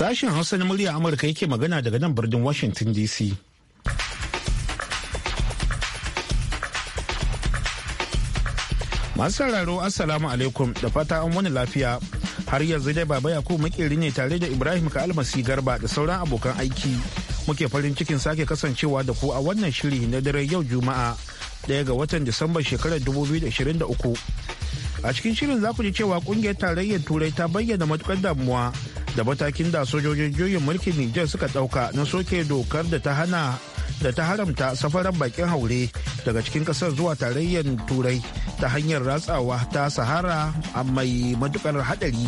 Sashen Hausa na murya Amurka yake magana daga nan birnin Washington DC. Masu sauraro Assalamu alaikum da fata an wani lafiya. Har yanzu dai Baba Yakubu makeri ne tare da Ibrahim kalmasi Garba da sauran abokan aiki. Muke farin cikin sake kasancewa da ku a wannan shiri na dare yau Juma'a daya ga watan disamba shekarar 2023. A cikin shirin za ku ji cewa kungiyar tarayyar Turai ta bayyana matukar damuwa da matakin da sojojin juyin mulkin Nijar suka ɗauka na soke dokar da ta hana da ta haramta safaran bakin haure daga cikin kasar zuwa tarayyar turai ta hanyar ratsawa ta sahara mai matukar haɗari.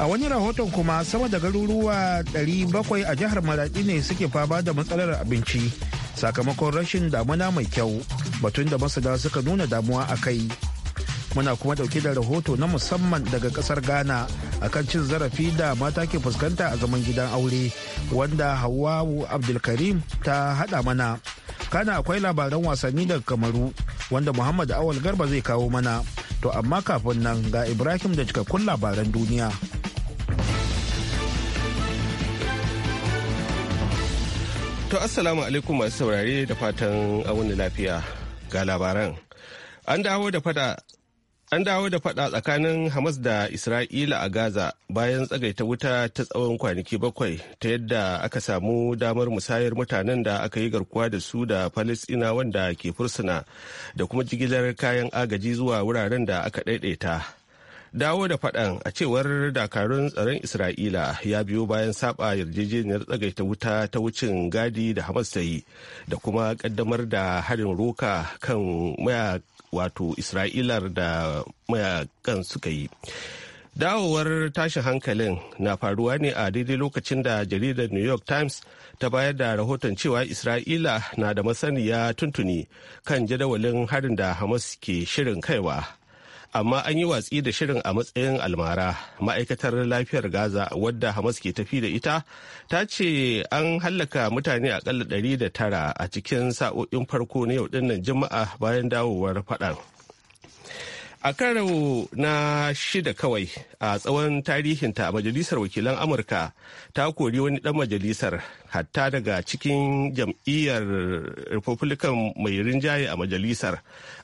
a wani rahoton kuma sama da garuruwa 700 a jihar maradi ne suke fama da matsalar abinci sakamakon rashin damuna mai kyau batun da masana suka nuna damuwa a kai muna kuma dauke da rahoto na musamman daga kasar ghana akan cin zarafi da mata ke fuskanta a zaman gidan aure wanda hawawu Abdulkarim ta hada mana. Kana akwai labaran wasanni daga Kamaru wanda Muhammad Awal Garba zai kawo mana. To amma kafin nan ga Ibrahim da cikakkun labaran duniya. To assalamu alaikum masu saurare da fatan wani lafiya ga labaran. An dawo da fada An dawo da fada tsakanin Hamas da Isra'ila a Gaza bayan tsagaita wuta ta tsawon kwanaki bakwai ta yadda aka samu damar musayar mutanen da aka yi garkuwa da su da Falisina wanda ke fursuna da kuma jigilar kayan agaji zuwa wuraren da aka ɗaiɗaita. Dawo da fadan a cewar dakarun tsaron Isra'ila ya biyo bayan saba yarjejeniyar tsagaita wuta ta wucin gadi da Hamas ta yi da kuma kaddamar da harin roka kan wato isra'ilar da mayakan suka yi dawowar tashin hankalin na faruwa ne a daidai lokacin da jaridar new york times ta bayar da rahoton cewa isra'ila na da masaniya tuntuni kan jadawalin harin da hamas ke shirin kaiwa amma an yi watsi da shirin a matsayin almara ma'aikatar lafiyar gaza wadda hamas ke tafi da ita ta ce an hallaka mutane akalla ɗari da tara a cikin sa'o'in farko na yau dinnan juma'a bayan dawowar faɗan a karo na shida kawai a tsawon tarihinta majalisar wakilan amurka ta kori wani dan majalisar hatta daga cikin jam'iyyar republican mai rinjaye a majalisar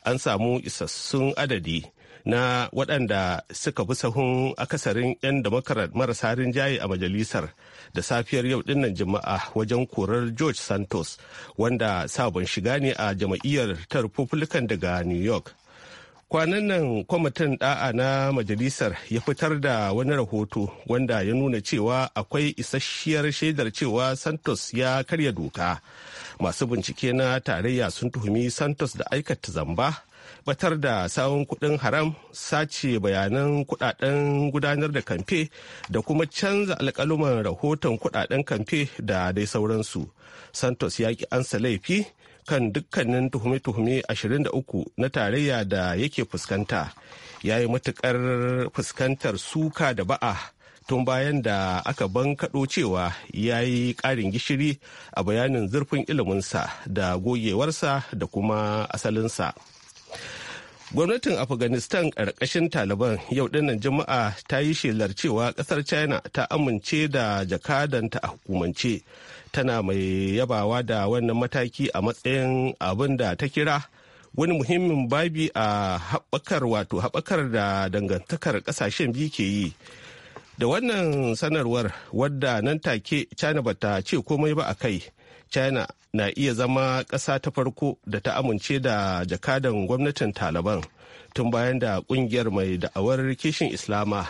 an samu isassun adadi na waɗanda suka bi sahun akasarin 'yan demokrat marasa rinjaye a majalisar da safiyar yau dinnan jama'a wajen korar george santos wanda sabon shiga ne a jama'iyyar ta republican daga new york kwanan nan kwamitin da'a na majalisar ya fitar da wani rahoto wanda ya nuna cewa akwai isasshiyar shaidar cewa santos ya karya doka masu bincike na tarayya sun tuhumi santos da aikata zamba tabbatar da sawun kuɗin haram sace bayanan kuɗaɗen gudanar da kamfe da kuma canza alƙaluman rahoton kuɗaɗen kamfe da dai sauransu santos ya ki ansa laifi kan dukkanin tuhume-tuhume 23 na tarayya da yake fuskanta ya yi matukar fuskantar suka da ba'a tun bayan da aka bankaɗo cewa ya yi ƙarin gishiri a bayanin zurfin iliminsa da gogewarsa da kuma asalinsa. gwamnatin afghanistan ƙarƙashin taliban yau dinnan juma'a ta yi shelar cewa ƙasar china ta amince da jakadanta a hukumance tana mai yabawa da wannan mataki a matsayin abin da ta kira wani muhimmin babi a haɓakar wato haɓakar da dangantakar ƙasashen biyu ke yi da wannan sanarwar wadda nan take china bata ce komai ba a kai china na iya zama ƙasa ta farko da ta amince da jakadan gwamnatin taliban tun bayan da ƙungiyar mai da'awar kishin islama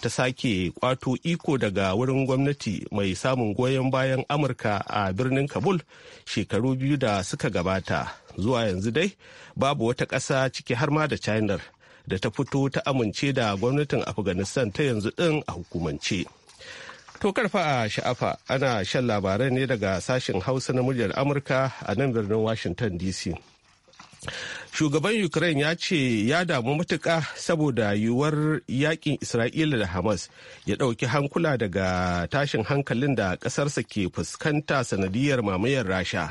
ta sake kwato iko daga wurin gwamnati mai samun goyon bayan amurka a birnin kabul shekaru biyu da suka gabata zuwa yanzu dai babu wata ƙasa ciki har ma da china da ta fito ta amince da gwamnatin afghanistan ta yanzu ɗin a hukumance To karfa a sha'afa ana shan labarai ne daga sashen Hausa na muryar Amurka a nan birnin Washington DC. Shugaban Ukraine ya ce ya damu matuƙa saboda yiwuwar yakin Isra'ila da Hamas ya ɗauki hankula daga tashin hankalin da ƙasarsa ke fuskanta sanadiyar mamayar Rasha.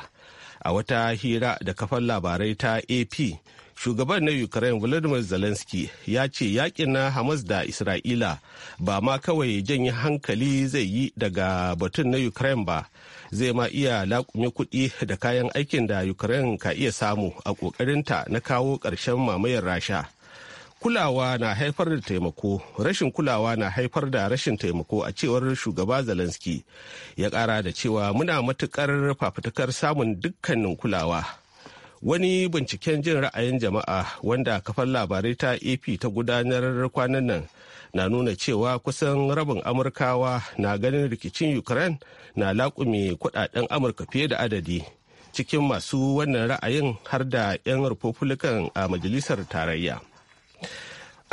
A wata hira da kafan labarai ta AP. shugaban na ukraine volodymyr zelensky ya ce yakin na hamas da isra'ila ba ma kawai janye hankali zai yi daga batun na ukraine ba zai ma iya lakume kuɗi da kayan aikin da ukraine ka iya samu a ƙoƙarinta na kawo ƙarshen mamayar rasha kulawa na haifar da taimako rashin kulawa na haifar da rashin taimako a cewar shugaba zelensky ya ƙara da cewa muna matukar fafutukar samun dukkanin kulawa wani binciken jin ra'ayin jama'a wanda kafar labarai ta ap ta gudanar kwanan nan na nuna cewa kusan rabin amurkawa na ganin rikicin ukraine na laƙume kudaden amurka fiye da adadi cikin masu wannan ra'ayin har da 'yan republican a majalisar tarayya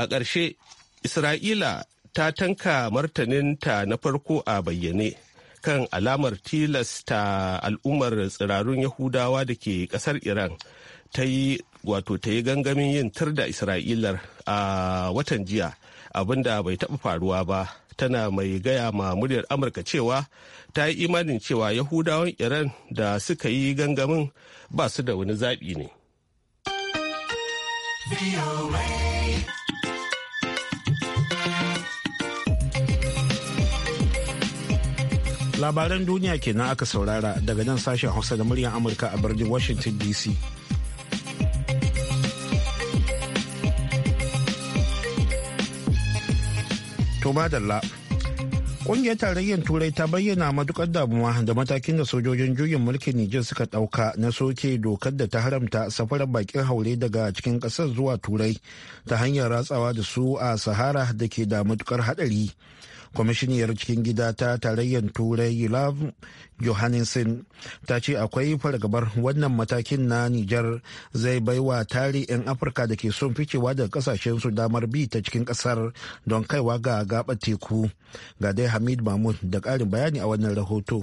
a ƙarshe isra'ila ta tanka martaninta na farko a bayyane kan alamar tilasta al'ummar tsirarun yahudawa da ke kasar iran ta yi wato ta yi gangamin yin tur da isra'ilar a watan jiya abinda bai taɓa faruwa ba tana mai gaya ma muryar amurka cewa ta yi imanin cewa yahudawan iran da suka yi gangamin ba su da wani zaɓi ne. labaran duniya kenan aka saurara daga nan sashen hausa da muryar amurka a birnin washington dc to madalla Ƙungiyar tarayyar Turai ta bayyana matukar damuwa da matakin da sojojin juyin mulkin Nijar suka ɗauka na soke dokar da ta haramta safarar bakin haure daga cikin ƙasar zuwa Turai ta hanyar ratsawa da su a Sahara da ke da matukar haɗari. kwamishiniyar cikin gida ta tarayyar turai yulav johannesson ta ce akwai fargabar wannan matakin na nijar zai baiwa tari 'yan afirka da ke son ficewa daga kasashen su damar bi ta cikin kasar don kaiwa ga gaɓar teku ga dai hamid mahmud da ƙarin bayani a wannan rahoto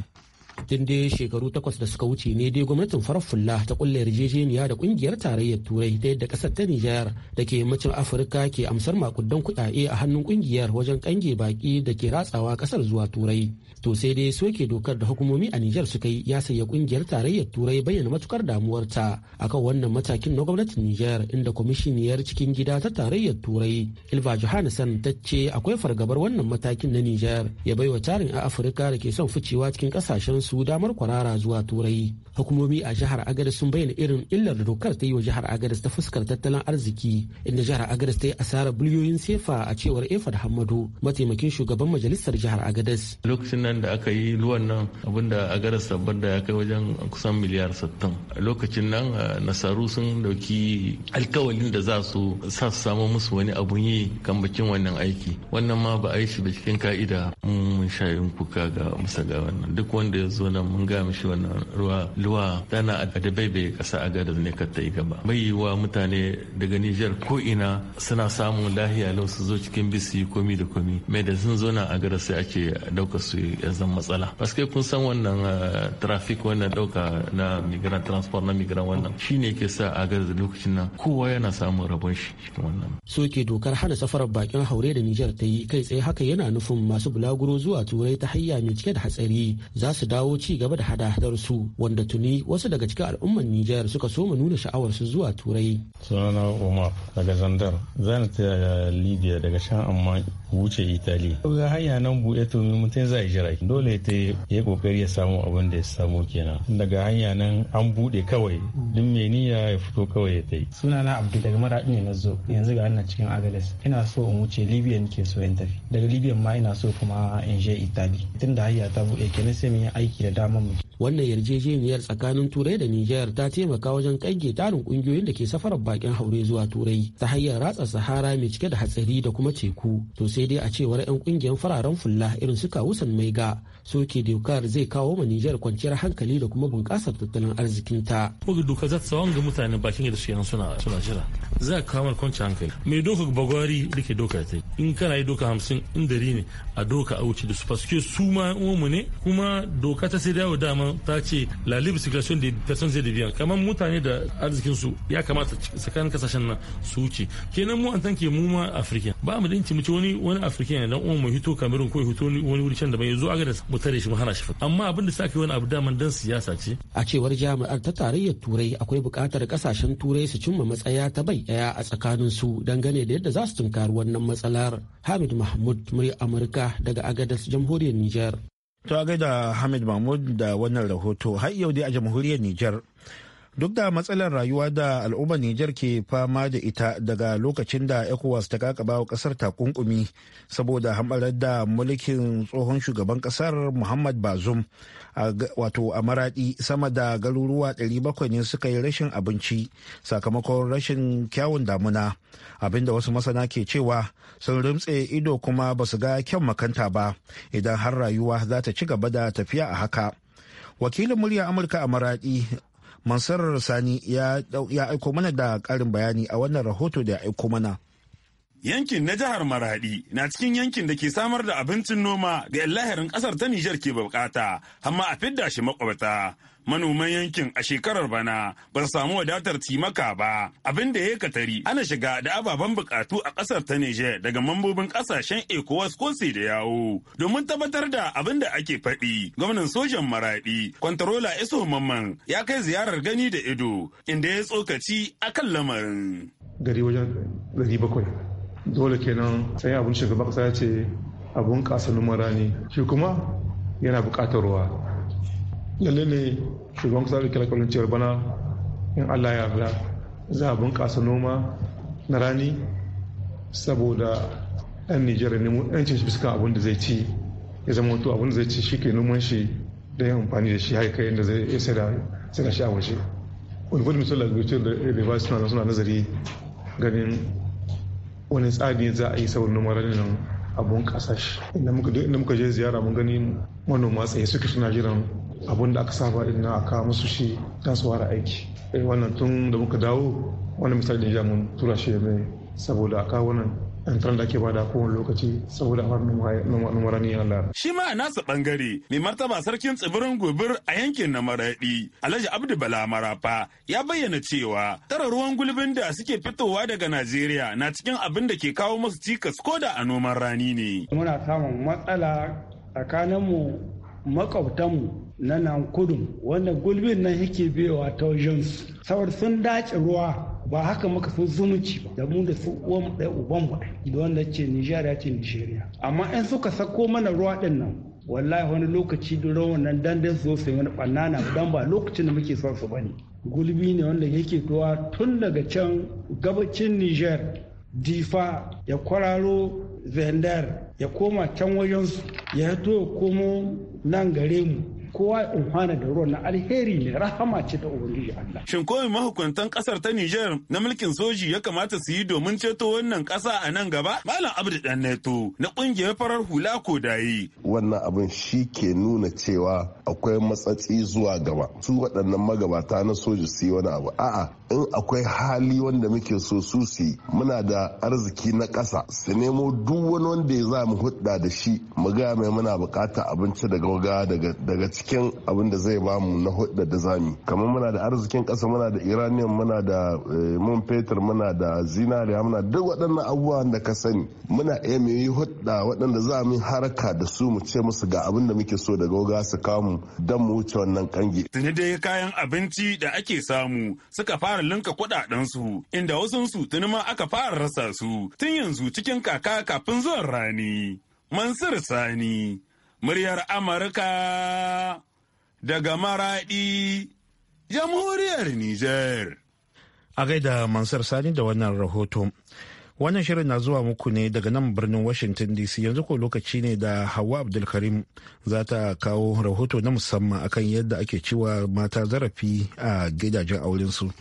tun dai shekaru takwas da suka wuce ne dai gwamnatin farar fulla ta kulle yarjejeniya da kungiyar tarayyar turai ta yadda kasar ta nijar da ke yammacin afirka ke amsar makudan kuɗaɗe a hannun kungiyar wajen kange baki da ke ratsawa kasar zuwa turai to sai dai soke dokar da hukumomi a nijar suka yi ya sanya kungiyar tarayyar turai bayyana matukar damuwarta akan wannan matakin na gwamnatin nijar inda kwamishiniyar cikin gida ta tarayyar turai ilva johannesson ta ce akwai fargabar wannan matakin na nijar ya baiwa tarin a afirka da ke son ficewa cikin kasashen su damar kwarara zuwa turai hukumomi a jihar agadez sun bayyana irin illar da dokar ta yi wa jihar agadez ta fuskar tattalin arziki inda jihar agadez ta yi asarar biliyoyin sefa a cewar efad hamadu mataimakin shugaban majalisar jihar agadez lokacin nan da aka yi ruwan nan abinda agadez sabbin da ya kai wajen kusan miliyar 60 lokacin nan nasaru sun dauki alkawalin da za su sa su samu musu wani abun yi kan bakin wannan aiki wannan ma ba a yi shi da cikin ka'ida mun shayin kuka ga musa ga wannan duk wanda ya zo nan mun ga mishi wannan ruwa luwa tana a da bai kasa a gadar ne ka ta yi gaba bai wa mutane daga Nijar ko ina suna samun lahiya lau su zo cikin bisi komi da komi mai da sun zo nan a gadar sai ake dauka su ya zan matsala paske kun san wannan eh, traffic wannan dauka na migrant transport na migrant wannan shine ke sa a gadar lokacin nan kowa yana samun rabon shi cikin wannan soke dokar hana safarar bakin haure da Nijar ta yi kai tsaye haka yana nufin masu bulaguro zuwa turai ta hanya mai cike da hatsari za su da kawo ci gaba da hada-hadar su wanda tuni wasu daga cikin al'umman Nijar suka soma nuna sha'awar su zuwa Turai. Sunana Umar daga Zandar zan ta Libya daga shan amma wuce Italy. Ga hanya nan buɗe to mutum zai jira dole ta yi kokari ya samu abin da ya samu kenan. Daga hanya nan an buɗe kawai duk mai niyya ya fito kawai ya tai. Sunana Abdul daga Maraɗi ne na zo yanzu ga ana cikin Agales ina so in wuce Libya nake so in tafi daga Libya ma ina so kuma in je Italy tunda hanya ta buɗe kenan sai mun yi aiki da damar mu. Wannan yarjejeniyar tsakanin Turai da Nijar ta taimaka wajen kange tarin kungiyoyin da ke safarar bakin haure zuwa Turai ta hanyar ratsa Sahara mai cike da hatsari da kuma teku. To sai dai a cewar 'yan kungiyar fararen fulla irin su Kawusan Maiga soke dokar zai kawo ma Nijar kwanciyar hankali da kuma bunƙasar tattalin arzikinta. Bugu doka za ta tsawon ga mutane bakin da nan suna suna jira. Za a kawo kwanciyar hankali. Mai doka bagwari da ke doka ta in kana yi doka hamsin in dari ne a doka a wuce da su faske su ma ne kuma doka doka ta sai dawo dama ta ce la libre circulation des personnes et des biens kamar mutane da arzikin su ya kamata tsakanin kasashen nan su wuce kenan mu an tanke mu ma african ba mu dinki mu ci wani wani african dan uwan mu hito cameroon ko hito wani wuri can da bai zo aga da mu tare shi mu hana shi amma abin da sake wani abu daman dan siyasa ce a cewar jami'ar ta tarayyar turai akwai bukatar kasashen turai su cimma matsaya ta bai daya a tsakanin su dangane da yadda za su tunkari wannan matsalar hamid mahmud murya amurka daga agadas jamhuriyar niger To a gaida Hamid Mahmud da wannan rahoto har yau dai a jamhuriyar Nijar. duk da matsalar rayuwa da al'ummar Nijar ke fama da ita daga lokacin da ECOWAS ta kakaba wa kasar takunkumi saboda hamarar da mulkin tsohon shugaban kasar Muhammad Bazoum wato a maradi sama da garuruwa 700 ne suka yi rashin abinci sakamakon rashin kyawun damuna abinda wasu masana ke cewa sun rimtse ido kuma ba su ga kyan makanta ba idan har rayuwa za ta ci gaba da tafiya a haka. wakilin murya amurka a maradi mansarar Sani ya aiko mana da ƙarin bayani a wannan rahoto da ya aiko mana. Yankin na jihar Maradi na cikin yankin da ke samar da abincin noma ga lahirin kasar ta Nijar ke bukata, amma a fidda shi makwabta. manoman yankin a shekarar bana ba samu wadatar cimaka ba abin da ya katari ana shiga da ababen bukatu a kasar ta Niger daga mambobin kasashen ECOWAS ko sai da yawo domin tabbatar da abin da ake faɗi gwamnan sojan maradi kwantarola Iso Mamman ya kai ziyarar gani da ido inda ya tsokaci akan lamarin gari wajen gari bakwai dole kenan sai abun shugaban kasa ce abun kasa numara ne. shi kuma yana bukatar ruwa lalle ne shugaban kasar da kyalakwalin cewar bana in allah ya yarda za a bunƙasa noma na rani saboda yan nijar nemo yancin shi fuskan abin da zai ci ya zama wato abin da zai ci shi ke noman shi da yin amfani da shi har kai yadda zai sai da shi a waje wani misali agriculture da reverse suna suna nazari ganin wani tsari za a yi saboda noman rani nan abun ƙasa shi inda muka je ziyara mun gani manoma tsaye suke suna jiran Abin da aka saba din na aka musu shi dan su fara aiki irin eh, wannan tun da muka dawo wani misali da mun tura shi ne saboda aka wannan an da ake bada kowane lokaci saboda a numarar ni Allah. Shi ma a nasa bangare mai martaba sarkin tsibirin gobir a yankin na maraɗi Alhaji Abdu Bala Marafa ya bayyana cewa tara ruwan gulbin da suke fitowa daga Najeriya na cikin abin da ke kawo musu cikas koda a noman rani ne. Muna samun matsala tsakaninmu makwabtanmu na nan kudu wanda gulbin nan yake biyowa ta wajen su saboda sun dace ruwa ba haka muka so zumunci ba da mu da su uwan ɗaya uban mu da wanda ce nigeria ce nigeria amma in suka sako mana ruwa din nan wallahi wani lokaci duron wannan dandan su sai wani ɓannana dan ba lokacin da muke son su bane gulbi ne wanda yake zuwa tun daga can gabacin niger difa ya kwararo zendar ya koma can wajen su ya to ya komo nan gare mu kowa ya umfana da ruwan na alheri ne rahama ce ta ubangiji Allah. Shin ko mahukuntan kasar ta Nijar na mulkin soji ya kamata su yi domin ceto wannan kasa a nan gaba? Malam Abdu Dan Neto na kungiyar farar hula ko dayi. Wannan abin shi ke nuna cewa akwai matsatsi zuwa gaba. Su waɗannan magabata na soji su yi wani abu. A'a in akwai hali wanda muke so su su muna da arziki na kasa su nemo duk wani wanda ya za mu hudda da shi mu gaya mai muna bukata abinci daga waga daga cikin abin da zai ba mu na hudda da zami kamar muna da arzikin kasa muna da iranian muna da eh, mun fetur muna da zinariya muna duk waɗannan abubuwan da ka sani muna iya eh, mu yi hudda waɗanda za mu haraka da su mu ce musu ga abin da muke so daga waga su kamu don mu wuce wannan kange. Tuni dai kayan abinci da ake samu suka fara fara linka kuɗaɗensu inda wasunsu tuni ma aka fara rasa su tun yanzu cikin kaka kafin zuwan rani. Mansur Sani, muryar Amurka daga Maraɗi, jamhuriyar Nijar. A gaida Mansur Sani da wannan rahoto. Wannan shirin na zuwa muku ne daga nan birnin Washington DC yanzu ko lokaci ne da Hawa Abdulkarim za ta kawo rahoto na musamman akan yadda ake ciwa mata zarafi a gidajen aurensu. su.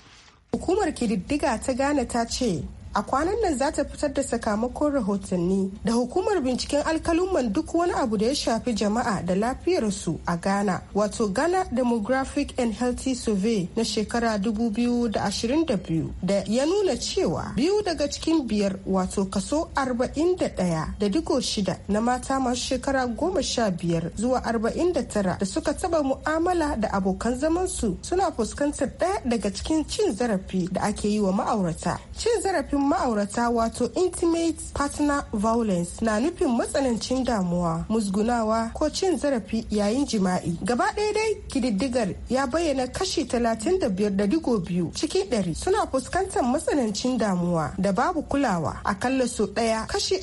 Hukumar kididdiga ta Ghana ta ce a kwanan nan za ta fitar da sakamakon rahotanni da hukumar binciken alkaluman duk wani abu da ya shafi jama'a da lafiyarsu a ghana wato ghana demographic and healthy survey na shekara 2022 da ya nuna cewa biyu daga cikin biyar wato kaso 41 da digo shida na mata masu shekara 15 zuwa 49 da suka taba mu'amala da abokan zamansu suna fuskantar ɗaya daga cikin cin zarafi da ake yi wa ma'aurata cin zarafin ma'aurata wato intimate partner violence na nufin matsanancin damuwa musgunawa ko cin zarafi yayin jima'i gaba ɗaya dai kididdigar ya bayyana kashi biyu cikin ɗari suna fuskantar matsanancin damuwa da babu kulawa akalla so ɗaya kashi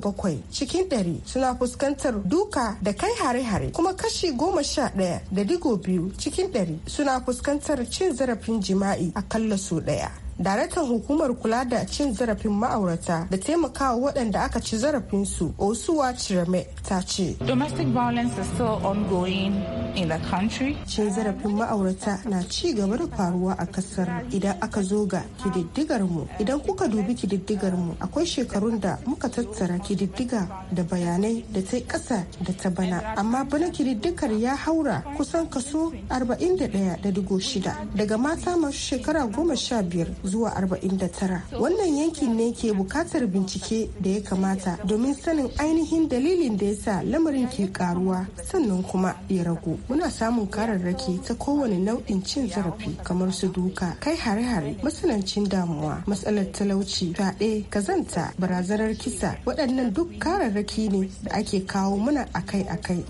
bakwai cikin ɗari suna fuskantar duka da kai hare-hare kuma kashi goma sha ɗaya biyu cikin ɗari suna fuskantar cin zarafin jima'i akalla so ɗaya daraktan hukumar kula da cin zarafin ma'aurata da taimakawa waɗanda aka ci zarafinsu osuwa cirame ta ce domestic violence is still ongoing in the country cin zarafin ma'aurata na ci gaba da faruwa a ƙasar idan aka zo ga kididdigar mu idan kuka dubi kididdigar mu akwai shekarun da muka tattara kididdiga da bayanai da ta ƙasa da ta bana amma bana kididdigar ya haura kusan kaso 41.6 daga mata masu shekara goma sha biyar zuwa 49 wannan yankin ne ke bukatar bincike da ya kamata domin sanin ainihin dalilin da ya sa lamarin ke karuwa sannan kuma ya ragu muna samun kararraki ta kowane nau'in cin zarafi kamar su duka kai hare-hare matsanancin damuwa matsalar talauci fyaɗe kazanta barazanar kisa waɗannan duk kararraki ne da ake kawo muna akai-akai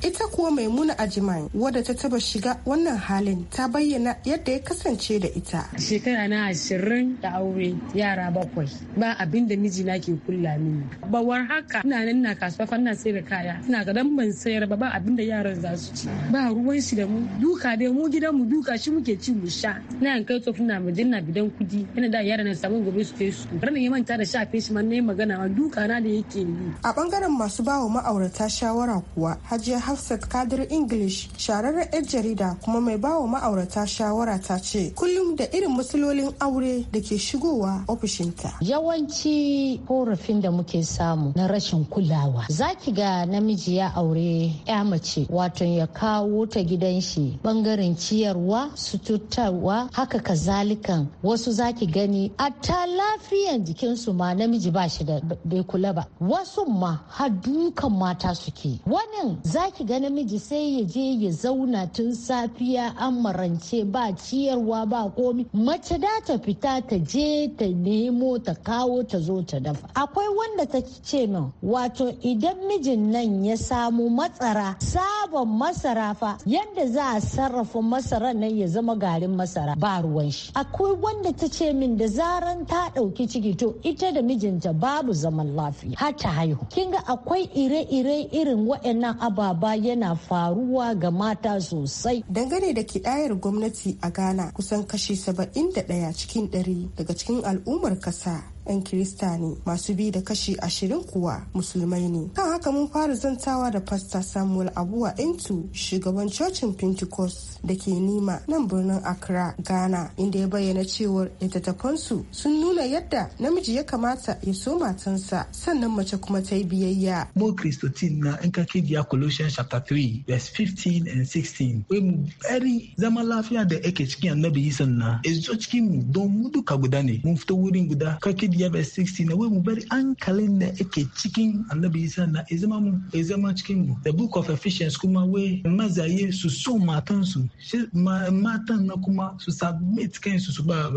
ita kuwa mai maimuna ajiman wadda ta taba shiga wannan halin ta bayyana yadda ya kasance da ita. Shekara na ashirin da aure yara bakwai ba abin da mijina ke kulla mini. Bawar haka ina nan na kasuwa fa ina sayar kaya ina ga dan ban sayar ba ba abin da yaran za su ci. Ba ruwan shi da mu duka dai mu gidan mu duka shi muke ci mu sha. Ina kai tsofi na mijin na bidan kudi ina da yaran na samu gobe su kai su. Ranar ya manta da shafe shi man nayi magana ma duka na da yake yi. A bangaren masu bawa ma'aurata shawara kuwa Hajiya Hafsat Kadir English shararren 'yar jarida kuma mai bawa ma'aurata shawara ta ta ce kullum da irin matsalolin aure da ke shigowa ofishinta. Yawanci korafin da muke samu na rashin kulawa. Zaki ga namiji ya aure ya mace wato ya kawo ta gidan shi bangaren ciyarwa sututarwa haka kazalikan wasu zaki gani a ta lafiyan jikinsu ma namiji ba shi da bai kula ba. Wasu ma har dukan mata suke. Wannan zaki ga namiji sai ya je ya zauna tun safiya an marance ba ci yarwa ba komi mace da ta fita ta je ta nemo ta kawo ta zo ta dafa akwai wanda ta ce min wato idan mijin nan ya samu matsara sabon masara fa yadda za a sarrafa masara nan ya zama garin masara ba ruwan shi akwai wanda ta ce min da zaran ta ɗauki ciki to ita da mijinta babu zaman lafiya har ta haihu kin ga akwai ire-ire irin waɗannan ababa yana faruwa ga mata sosai dangane da kidayar gwamnati a ghana kusan kashi 71 cikin 100 daga cikin al'ummar kasa 'yan kirista ne masu bi da kashi ashirin kuwa musulmai ne kan haka mun fara zantawa da pasta samuel abuwa intu shugaban cocin pentecost da ke nima nan birnin accra ghana inda ya bayyana cewar littattafansu sun nuna yadda namiji ya kamata ya so matansa sannan mace kuma ta yi biyayya mo kristotin na in ka kidiya chapter 3 verse 15 and 16 wai mu bari zama lafiya da ake cikin annabi yisan na ezo cikin mu don mu duka guda ne mun fito wurin guda ka biyar bai 60 na wai mu bari hankalin da ake cikin annabi isa na ya zama cikin mu the book of ephesians kuma wai mazaye su so matansu matan na kuma su submit eh, kansu su ba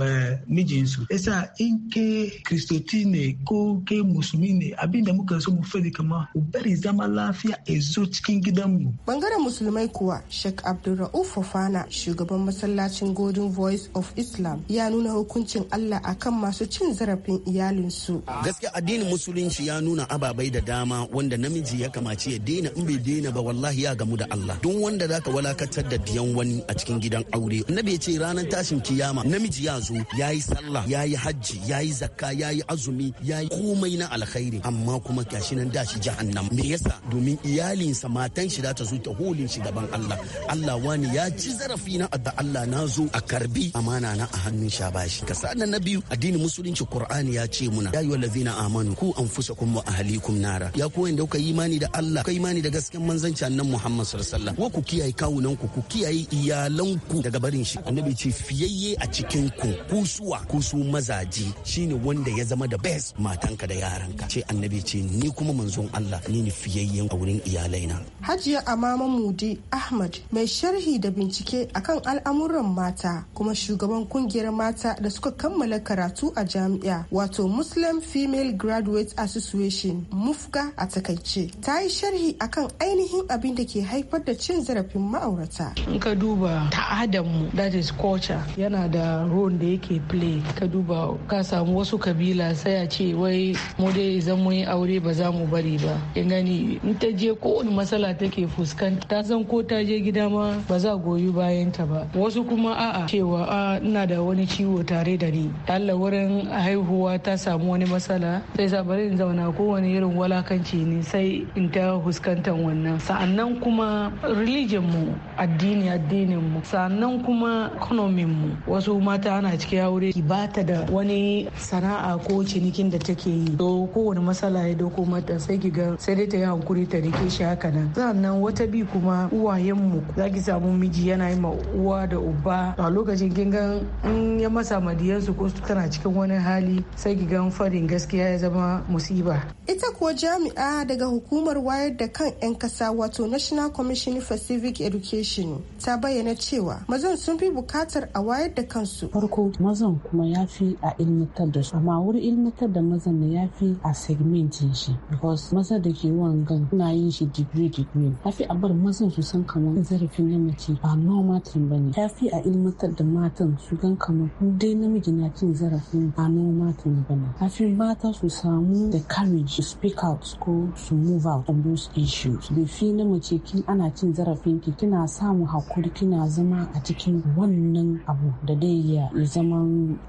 mijinsu yasa in ke kristoti ne ko ke musulmi ne abinda muka so mu fadi kama u bari zama lafiya ya zo cikin mu bangaren musulmai kuwa sheikh abdulra'uf fofana shugaban masallacin golden voice of islam ya nuna hukuncin allah akan masu cin zarafin iyalinsu. Gaskiya addinin musulunci ya nuna ababai da dama wanda namiji ya kamaci ya daina in bai daina ba wallahi ya gamu da Allah. Duk wanda zaka walakatar da diyan wani a cikin gidan aure. Annabi ya ce ranar tashin kiyama namiji ya zo ya yi sallah ya yi hajji ya yi zakka ya yi azumi ya yi komai na alkhairi amma kuma gashi nan da shi jahannam. Me yasa domin iyalinsa matan shi za ta zo ta holin shi gaban Allah. Allah wani ya ci zarafi na da Allah na zo a karbi amana na a hannun sha bashi. Ka na biyu addinin musulunci Qur'ani ya ce muna ya wa lafina amanu ku anfusakum ahali ahlikum nara ya ku wanda kuka imani da Allah kuka imani da gasken manzanci nan Muhammad sallallahu alaihi wasallam ku kiyaye kawunan ku ku kiyaye iyalanku daga barin shi annabi ce fiyayye a cikin ku ku suwa ku su mazaji shine wanda ya zama da best matanka da yaranka ce annabi ce ni kuma manzon Allah ni ne fiyayyen a wurin iyalaina Hajiya Amama Mudi Ahmad mai sharhi da bincike akan al'amuran mata kuma shugaban kungiyar mata da suka kammala karatu a jami'a wato muslim female graduate association mufga a takaice ta yi sharhi akan ainihin abin da ke haifar da cin zarafin ma'aurata in ka duba mu that is culture yana da role da yake play ka duba ka samu wasu kabila sai a ce wai mu dai zan mun yi aure ba za mu bari ba in gani in ta je kowane masala take fuskanta ta san ko ta je gida ma ba za goyi bayan ta ba wasu kuma a'a cewa a ah, ina da wani ciwo tare da ni Allah wurin haihuwa ta samu wani matsala sai sa bari in zauna kowane irin walakanci ne sai in ta fuskantar wannan sa'annan kuma religion mu addini addinin mu sa'annan kuma economy mu wasu mata ana cikin aure ki bata da wani sana'a ko cinikin da take yi to kowane matsala ya doko mata sai ki ga sai dai ta yi hankuri ta rike shi haka nan sa'annan wata bi kuma uwayen mu zaki samu miji yana yi ma uwa da uba a lokacin kin in ya masa su ko tana cikin wani hali sai gigan farin gaskiya ya zama musiba. Ita kuwa jami'a daga hukumar wayar da kan 'yan kasa wato National Commission for Civic Education ta bayyana cewa mazan sun fi bukatar a wayar da kansu. Farko mazan kuma ya fi a ilmantar da su amma wuri ilmantar da mazan ne ya fi a segmentin shi because mazan da ke gan suna yin shi degree degree ya fi a bar mazan su san kamar zarafin namiji ba normal ba ne. ya fi a ilmantar da matan su gan kamar dai namiji na cin zarafin ba normal things I feel kafin mata su samu the courage to speak out ko to move out on those issues bai fi na mace kin ana cin zarafin ki kina samun hakuri kina zama a cikin wannan abu da dai ya zama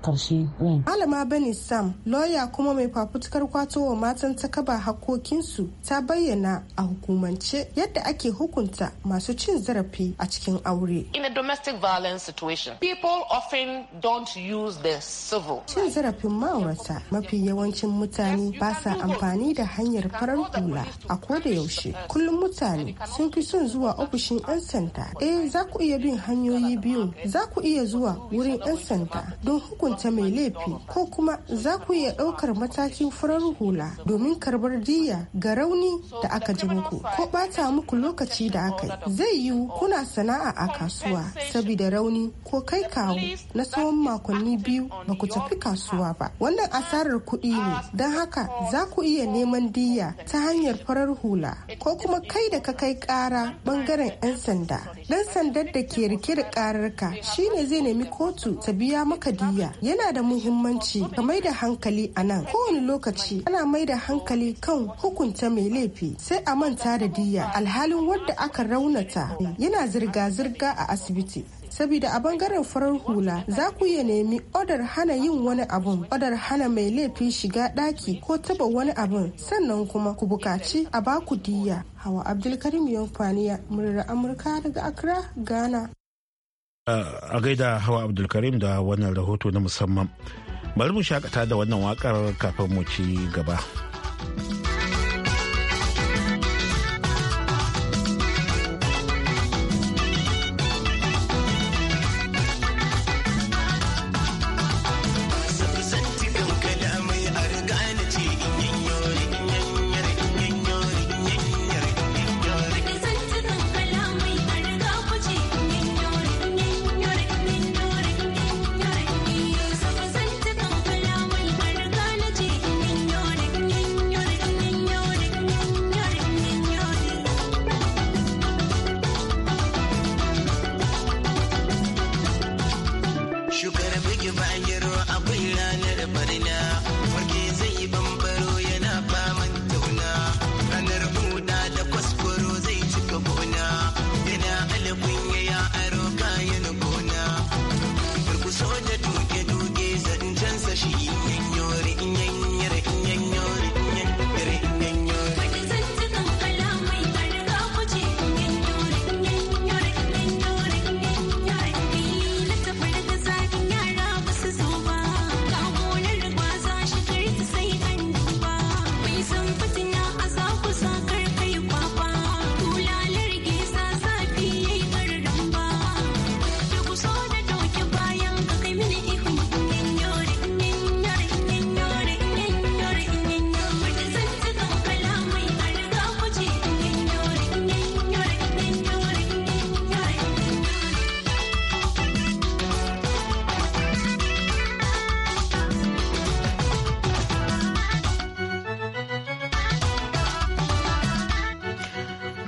karshe ran malama bani sam lawyer kuma mai fafutukar kwato wa matan ta takaba hakokinsu ta bayyana a hukumance yadda ake hukunta masu cin zarafi a cikin aure in a domestic violence situation people often don't use the civil cin zarafin ma'aurata cewarsa mafi yawancin mutane ba sa amfani da hanyar farar hula a da yaushe kullum mutane sun fi son zuwa ofishin 'yan sanda eh za ku iya bin hanyoyi biyu za ku iya zuwa wurin 'yan sanda don hukunta mai laifi ko kuma za ku iya ɗaukar matakin farar hula domin karbar diya ga rauni da aka ji muku ko bata muku lokaci da aka yi zai yiwu kuna sana'a a kasuwa saboda rauni ko kai kawo na tsawon makonni biyu ba ku tafi kasuwa ba wannan asarar kuɗi ne don haka za ku iya neman diya ta hanyar farar hula ko kuma kai da ka kai ƙara bangaren 'yan sanda ɗan sandar da ke rike da ƙararka shine zai nemi kotu ta biya maka diya yana da muhimmanci ka mai da hankali a nan kowane lokaci ana mai da hankali kan hukunta mai laifi sai a manta da diya alhalin wadda aka raunata yana zirga-zirga a asibiti saboda a bangaren farar hula za ku iya nemi odar hana yin wani abun odar hana mai laifin shiga daki ko taba wani abun sannan kuma ku bukaci a baku diya hawa abdulkarim yankwaniya murar amurka daga accra ghana a gaida hawa abdulkarim da wannan rahoto na musamman bari mu shakata da wannan wakar kafin mu ci gaba.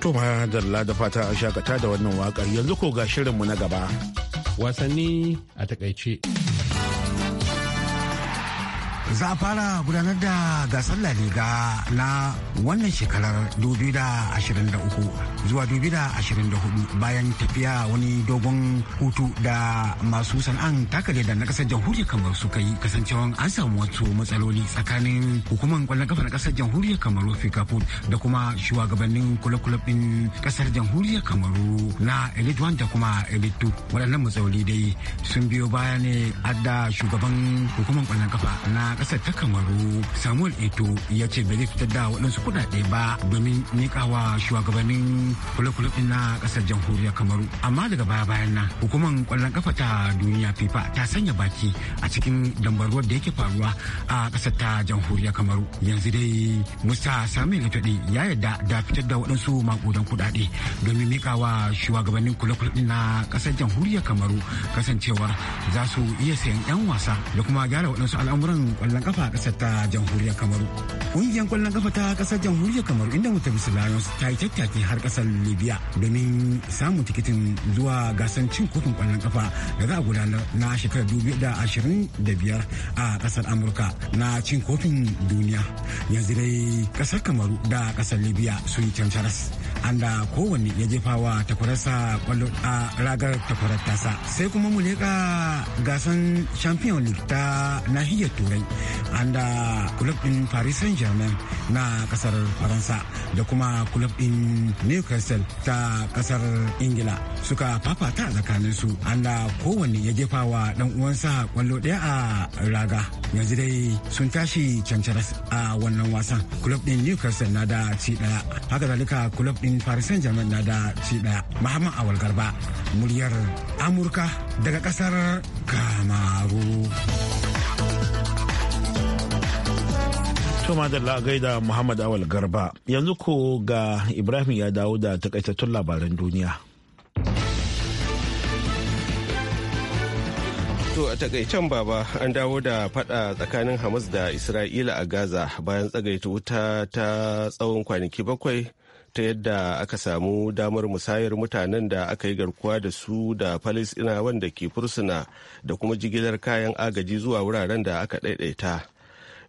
To ma dalla da fata a shakata da wannan wakar yanzu ko ga shirinmu na gaba. Wasanni a takaice. za a fara gudanar da gasar La Liga na wannan shekarar 2023 zuwa 2024 bayan tafiya wani dogon hutu da masu sana'an takare da na kasar jamhuriyar kamar suka yi kasancewan an samu wasu matsaloli tsakanin hukumar kwallon kafa na kasar jamhuriyar kamaru fikafut da kuma shugabannin kula-kula din kasar jamhuriyar kamaru na elite one da kuma elite 2 waɗannan matsaloli dai sun biyo baya ne adda shugaban hukumar kwallon kafa na kasar ta kamaru samuel eto ya ce bai fitar da waɗansu kuɗaɗe ba domin nikawa shugabannin kule-kule na kasar jamhuriyar kamaru amma daga baya bayan nan hukumar kwallon kafa ta duniya fifa ta sanya baki a cikin dambaruwar da yake faruwa a kasar ta jamhuriyar kamaru yanzu dai musa samuel eto ɗin ya yarda da fitar da waɗansu maƙudan kuɗaɗe domin nikawa shugabannin kule-kule na kasar jamhuriyar kamaru kasancewar za su iya sayan 'yan wasa da kuma gyara waɗansu al'amuran kwallon kafa a kasar ta jamhuriyar kamaru ƙungiyar kwallon kafa ta kasar jamhuriyar kamaru inda mutum lions ta yi tattaki har kasar libya domin samun tikitin zuwa gasar cin kofin kwallon kafa da za a gudanar na shekarar biyar a kasar amurka na cin kofin duniya yanzu dai kasar kamaru da kasar libya sun yi cancaras anda kowanne ya jefa wa takwararsa kwallo a ragar takwarar tasa sai kuma mu leƙa gasan champion league ta nahiyar turai anda club din paris saint germain na kasar faransa da kuma club din newcastle ta kasar ingila suka fafata tsakanin su anda kowanne ya jefa wa dan uwansa kwallo ɗaya a raga yanzu dai sun tashi cancaras a wannan wasan club din newcastle na da ci ɗaya haka zalika club din in Paris Saint-Germain na da ci daya. Muhammad Awal Garba, muryar Amurka daga kasar Kamaru. Tuma da gaida Muhammad Awal Garba, yanzu ko ga Ibrahim ya dawo da takaitattun labaran duniya. a takaicen baba an dawo da fada tsakanin hamas da isra'ila a gaza bayan tsagaita wuta ta tsawon kwanaki bakwai ta yadda aka samu damar musayar mutanen da aka yi garkuwa da su da falisina wanda ke fursuna da kuma jigilar kayan agaji zuwa wuraren da aka ɗaiɗaita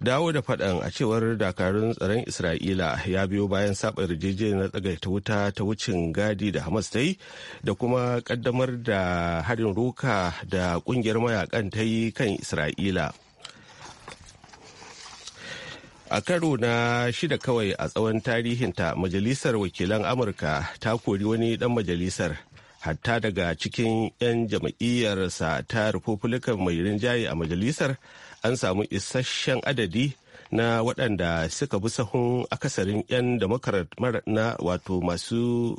dawo da faɗan a cewar dakarun tsaron isra'ila ya biyo bayan saba yarjejeniyar tsagaita wuta ta wucin gadi da hamas ta yi da kuma ƙaddamar da harin roka da ƙungiyar mayakan ta yi kan isra'ila a karo na shida kawai a tsawon tarihinta majalisar wakilan amurka ta kori wani dan majalisar hatta daga cikin 'yan jam'iyyarsa ta republican mai rinjaye a majalisar an samu isasshen adadi na waɗanda suka bi sahun akasarin 'yan democrat na wato masu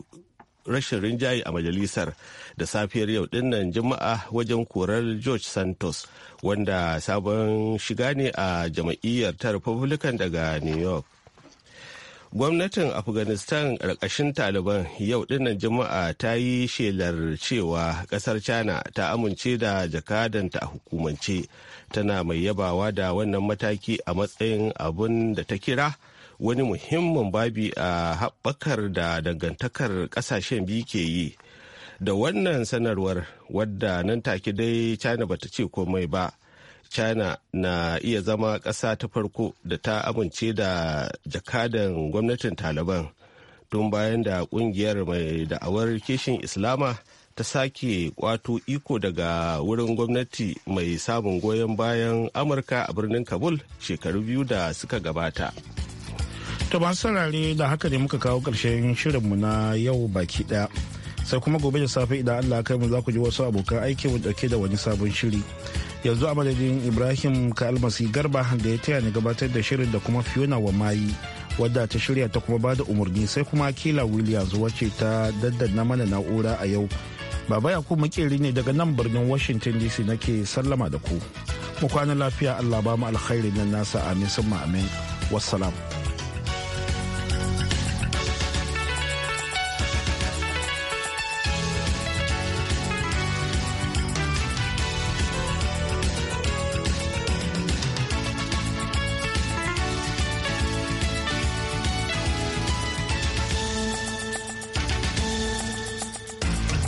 rashin rinjaye a majalisar da safiyar yau dinnan juma'a wajen korar george santos wanda sabon shiga ne a jama'iyyar ta republican daga new york gwamnatin afghanistan ƙarƙashin taliban yau dinnan juma'a ta yi shelar cewa ƙasar china ta amince da jakadanta a hukumance tana mai yabawa da wannan mataki a matsayin abin da ta kira wani muhimmin babi a haɓakar da dangantakar ƙasashen biyu ke yi da wannan sanarwar wadda nan take dai china bata ce komai ba china na iya zama ƙasa ta farko da ta amince da jakadan gwamnatin taliban tun bayan da ƙungiyar mai da'awar kishin islama ta sake kwato iko daga wurin gwamnati mai samun goyon bayan amurka a birnin kabul shekaru biyu da suka gabata. To ban sarare da haka ne muka kawo ƙarshen mu na yau baki ɗaya. sai kuma gobe da safe idan Allah kai mu za ku ji wasu abokan aiki mu dauke da wani sabon shiri. Yanzu a madadin Ibrahim ka almasi garba da ya taya ni gabatar da shirin da kuma Fiona wa mayi wadda ta shirya ta kuma bada umarni sai kuma Kila Williams wacce ta daddana mana na'ura a yau. Baba Yakubu makeri ne daga nan birnin Washington DC nake sallama da ku. Mu kwana lafiya Allah ba mu alkhairi nan nasa amin summa amin. Wassalamu.